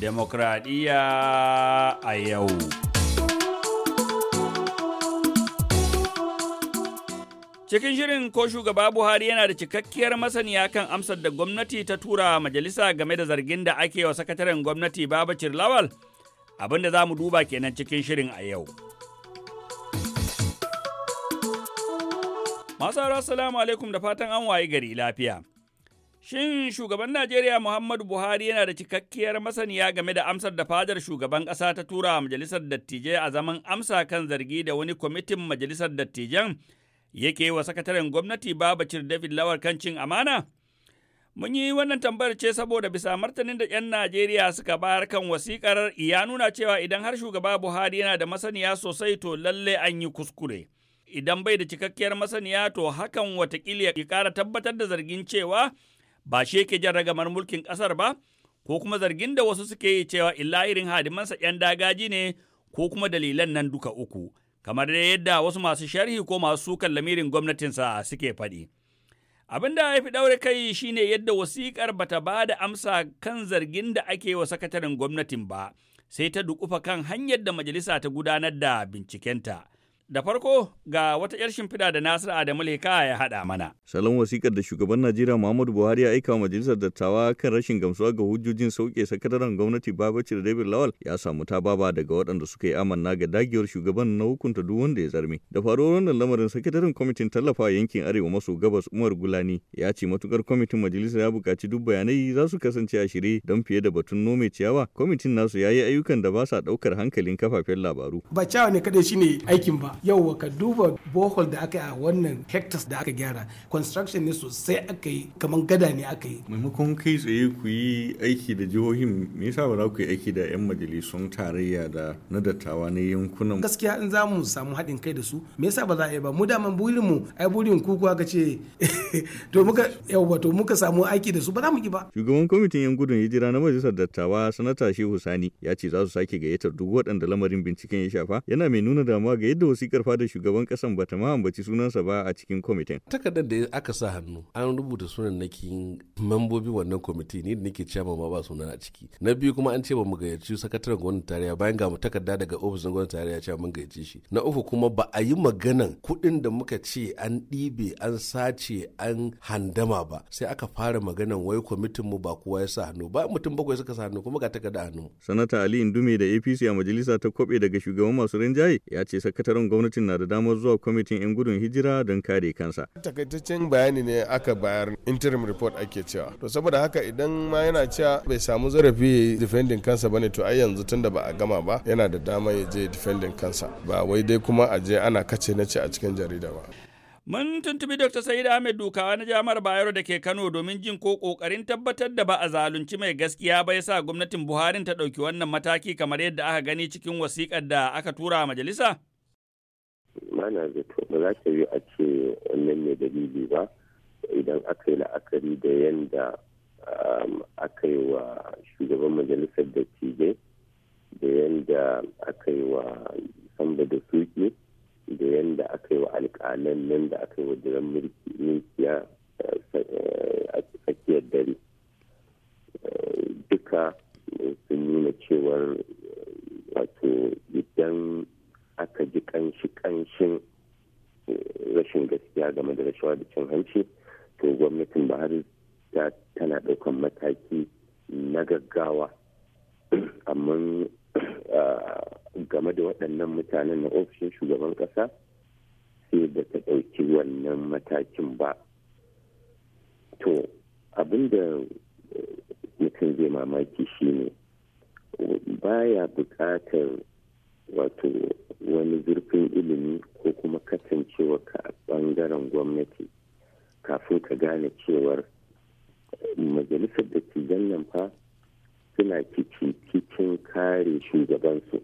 demokradiyya a yau. Cikin shirin ko shugaba Buhari yana da cikakkiyar masaniya kan amsar da gwamnati ta tura majalisa game da zargin da ake wa sakataren gwamnati Babacir Lawal abinda za mu duba kenan cikin shirin a yau. Masu salamu alaikum da fatan an wayi gari lafiya. Shin shugaban Najeriya Muhammadu Buhari yana da cikakkiyar masaniya game da amsar da fadar shugaban ƙasa ta tura wa majalisar dattijai a zaman amsa kan zargi da wani kwamitin majalisar dattijan yake wa sakataren gwamnati Babacir David Lawal kan cin amana? Mun yi wannan tambayar ce saboda bisa martanin da 'yan Najeriya suka bayar kan wasikar iya nuna cewa idan har shugaba Buhari yana da masaniya sosai to lalle an yi kuskure. Idan bai da cikakkiyar masaniya to hakan watakila ya kara tabbatar da zargin cewa ba shi yake jan ragamar mulkin ƙasar ba ko kuma zargin da wasu suke yi cewa illa irin hadimansa 'yan dagaji ne ko kuma dalilan nan duka uku kamar da yadda wasu masu sharhi ko masu sukan lamirin gwamnatinsa suke faɗi. Abin da ya fi ɗaure kai shi ne yadda wasiƙar bata ba da amsa kan zargin da ake wa sakataren gwamnatin ba, sai ta dukufa kan hanyar da majalisa ta gudanar da bincikenta. Da farko ga wata 'yar shimfiɗa da Nasiru Adamu Leka ya haɗa mana. Salon wasikar da shugaban Najeriya Muhammadu Buhari ya aika wa majalisar dattawa kan rashin gamsuwa ga hujjojin sauke sakataren gwamnati Babacir David Lawal ya samu tababa daga waɗanda suka yi amanna ga dagewar shugaban na hukunta duk wanda ya zarme. Da faruwar wannan lamarin sakataren kwamitin tallafa yankin Arewa maso gabas Umar Gulani ya ce matukar kwamitin majalisar ya buƙaci duk bayanai za su kasance a shirye don fiye da batun nome ciyawa kwamitin nasu ya yi ayyukan da ba sa ɗaukar hankalin kafafen labaru. Ba ciyawa ne kaɗai shine aikin ba yau ka duba bohol da aka yi a wannan hectares da aka gyara construction ne sosai aka yi kamar gada ne aka yi maimakon kai tsaye ku yi aiki da jihohin me yasa ba za ku yi aiki da yan majalisun tarayya da na dattawa na yankunan gaskiya in za mu samu haɗin kai da su me yasa ba za a yi ba mu daman burin mu ai burin ku kuwa ce to muka yawa to muka samu aiki da su ba za mu yi ba shugaban kwamitin yan gudun hijira na majalisar dattawa sanata shehu sani ya ce za su sake gayyatar duk waɗanda lamarin binciken ya shafa yana mai nuna damuwa ga yadda wasu wasikar da shugaban kasan bata ma ambaci sunansa ba a cikin kwamitin. Takardar da aka sa hannu an rubuta sunan nakin mambobi wannan kwamiti ni da nake cewa ma ba sunan a ciki. Na biyu kuma an ce ba mu gayyaci sakataren gwamnatin tarayya bayan ga mu takarda daga ofishin gwamnatin tarayya cewa mun gayyace shi. Na uku kuma ba a yi maganan kuɗin da muka ce an ɗibe an sace an handama ba sai aka fara maganan wai kwamitin mu ba kowa ya sa hannu ba mutum bakwai suka sa hannu kuma ga takarda hannu. Sanata Ali Indume da APC a majalisa ta kwabe daga shugaban masu rinjaye ya ce sakataren gwamnatin na da damar zuwa kwamitin 'yan gudun hijira don kare kansa. Takaitaccen bayani ne aka bayar interim report ake cewa. To saboda haka idan ma yana cewa bai samu zarafi defending kansa bane to ai yanzu tunda ba a gama ba yana da dama ya je defending kansa ba wai dai kuma a je ana kace na ce a cikin jarida ba. Mun tuntubi Dr. Sa'id Ahmed Dukawa na Jami'ar Bayero da ke Kano domin jin ko kokarin tabbatar da ba a zalunci mai gaskiya ba ya sa gwamnatin Buhari ta ɗauki wannan mataki kamar yadda aka gani cikin wasikar da aka tura majalisa. mana zato ba za ta yi a ce wannan ne dalili ba idan aka yi la'akari da yadda um, aka yi wa shugaban majalisar dattijai da yadda aka yi wa samba da suki da yadda aka yi wa alƙalan nan da aka yi wa jiran mulkiya eh, a tsakiyar dare eh, duka sun nuna cewar kanshin eh, rashin gaskiya game da rashawa da cin hanci to gwamnatin buhari ta tana ɗaukan mataki na gaggawa amma eh, game da waɗannan mutanen na ofishin shugaban ƙasa sai ba ta ɗauki wannan matakin ba to abinda eh, mutum zai mamaki shine baya buƙatar wato wani zurfin ilimi ko kuma kasancewa ka a bangaren gwamnati kafin ka gane cewar majalisar da ke nan fa suna kicin kare shugabansu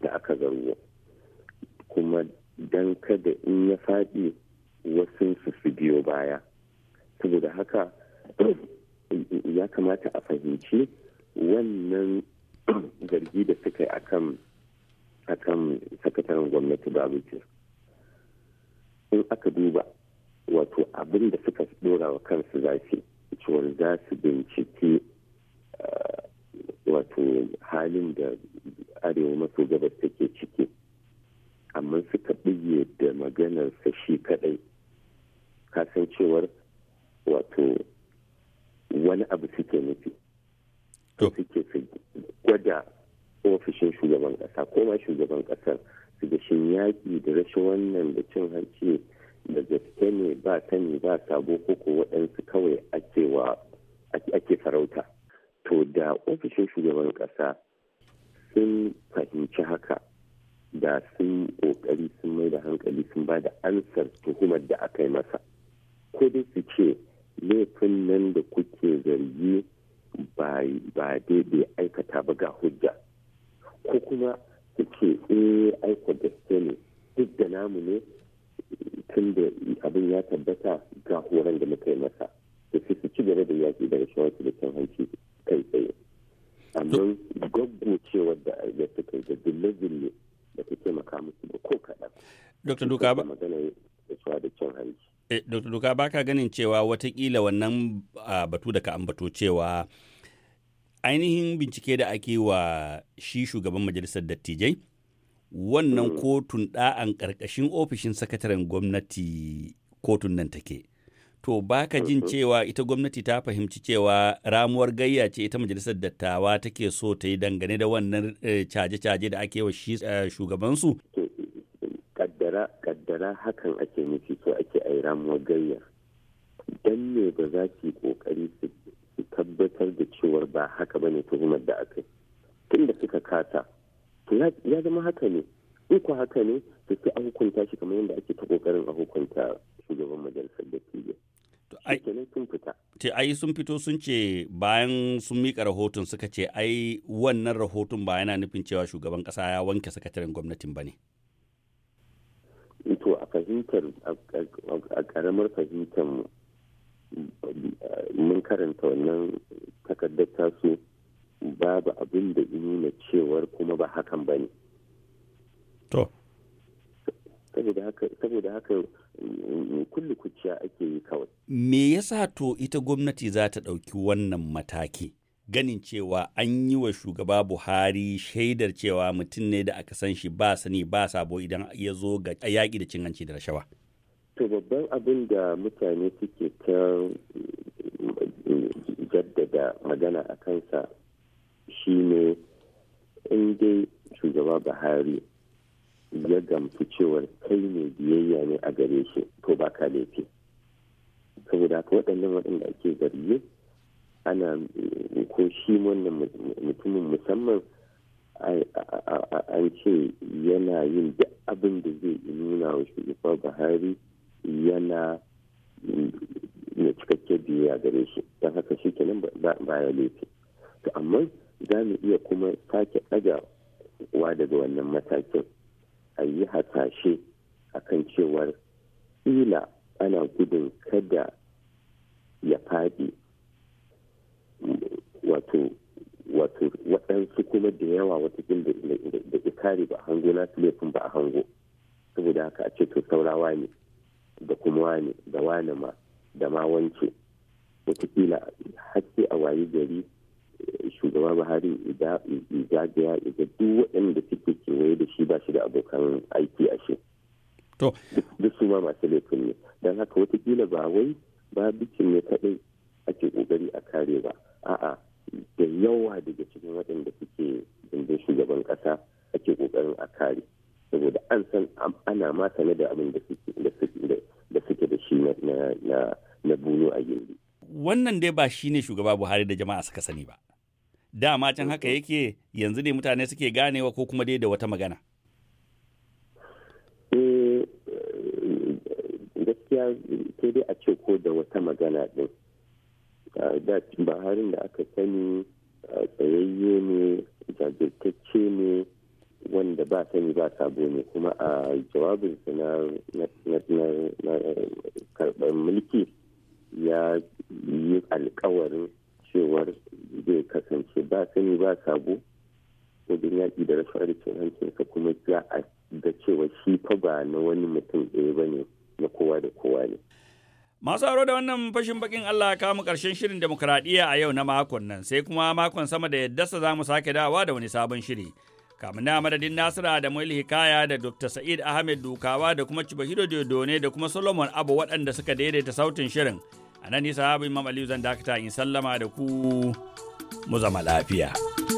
da aka zargo kuma don kada in ya faɗi wasu su biyo baya saboda haka ya kamata a fahimci wannan zargi da suka yi akan a kan sakataren gwamnati babakir in aka duba wato abin da suka dora wa kansu zafi su cewar za su bincike eh, wato halin da arewa maso gabas take ciki amma suka biye da maganarsa shi kadai kasancewar wato wani abu suke nufi suke gwada ofishin shugaban kasa ko ma shugaban kasar su ga shin yaƙi da rashin wannan da cin hanci da gaske ne ba sani ba sabo ko ko waɗansu kawai ake farauta to da ofishin shugaban kasa sun fahimci haka da sun ƙoƙari sun mai da hankali sun ba da ansar tuhumar da aka yi masa ko dai su ce laifin nan da kuke zargi ba daidai aikata ba ga hujja ko kuma suke, ce eh, aiko gaske ne duk da namu ne tun da abin ya tabbata ga horon da muka yi masa da su ci gaba da yaƙi daga shawarci da can hanci kai tsaye amma gaggocewar da suka yi da dille-dille da ta taimaka musu da ko kaɗan. Dr. Duka ba. Magana da can hanci. Eh, Dr. Duka ba ka ganin cewa watakila wannan ah, batu da ka ambato cewa ainihin bincike da ake wa shi shugaban majalisar dattijai wannan mm. kotun ɗa'an ƙarƙashin ofishin sakataren gwamnati kotun nan take to baka jin mm-hmm. cewa ita gwamnati ta fahimci cewa ramuwar gayya ce ita majalisar dattawa take so ta yi dangane da wannan eh, caje-caje da ake wa shi eh, shugabansu kaddara hakan ake nufi ko ake a ramuwar gayya don ne ba za ki kokari su su tabbatar da cewar ba haka ba ne tuhumar da aka tun da suka kasa ya zama haka ne in ku haka ne su fi a hukunta shi kamar yadda ake ta kokarin a hukunta shugaban majalisar da dattijai ai sun fito sun ce bayan sun mika rahoton suka ce ai wannan rahoton ba yana nufin cewa shugaban kasa ya wanke sakataren gwamnatin ba ne. to a fahimtar a karamar fahimtar mu. mun karanta wannan takardar taso babu abin da nuna cewar kuma ba hakan ba ne. To. Saboda haka mm, kulli kuciya ake yi kawai. Me yasa to ita gwamnati za ta ɗauki wannan mataki? Ganin cewa an yi wa shugaba Buhari shaidar cewa mutum ne da aka san shi ba sani ba sabo idan ya zo ga yaƙi da cin hanci da rashawa. to babban abin da mutane suke ta jaddada magana a kansa shine in dai shugaba buhari ya gamsu cewar kai ne biyayya ne a gare shi to ba ka laifi saboda haka waɗannan waɗanda ake zarge ana ko shi wannan mutumin musamman an ce yana yin duk abin da zai nuna wa shugaba buhari gare shi don haka shi kenan baya laifi to amma za mu iya kuma sake wa daga wannan matakin a yi hasashe a kan cewar ila ana gudun kada ya faɗi wato wato waɗansu kuma da yawa jin da ikari ba hango na laifin ba a hango saboda haka a ce to saurawa ne da kuma wane da wane ma da ma wance watakila haske a waye gari eh, shugaba buhari ya zagaya ya duk waɗanda suke kewaye da shi ba shi da abokan aiki a shi duk su ma masu laifin ne don haka watakila ba wai ba bikin ne kaɗai ake ƙoƙari a kare ba a'a da yawa daga cikin waɗanda suke dindin shugaban ƙasa ake ƙoƙarin a kare saboda an san ana ma sane da abin da suke da shi na na a gindi wannan dai ba shi ne shugaba buhari da jama'a suka sani ba dama can haka eh, yake yanzu ne mutane suke ganewa ko kuma dai da wata magana eh, gaskiya ke dai a ce ko da wata magana din da buharin da aka sani tsayayye ne jajirtacce ne wanda ba sani ba sabo ne kuma a jawabinsa na karɓar mulki ya yi alkawarin cewar zai kasance ba sani ba sabo wajen yaki da rashin arzikin hancinsa kuma za a da cewa shi fa ba na wani mutum ɗaya ba ne na kowa da kowa ne. Masu aro da wannan fashin bakin Allah ka mu karshen shirin demokradiyya a yau na makon nan sai kuma makon sama da sa za mu sake dawa da wani sabon shiri. kamun na madadin Nasira da mai Hikaya da Dr. Sa'id Ahmed Dukawa da kuma Chibahiro Dodone da kuma Solomon Abu waɗanda suka daidaita sautin shirin. A nan nisa Imam Aliyu zan dakata in sallama da ku mu zama lafiya.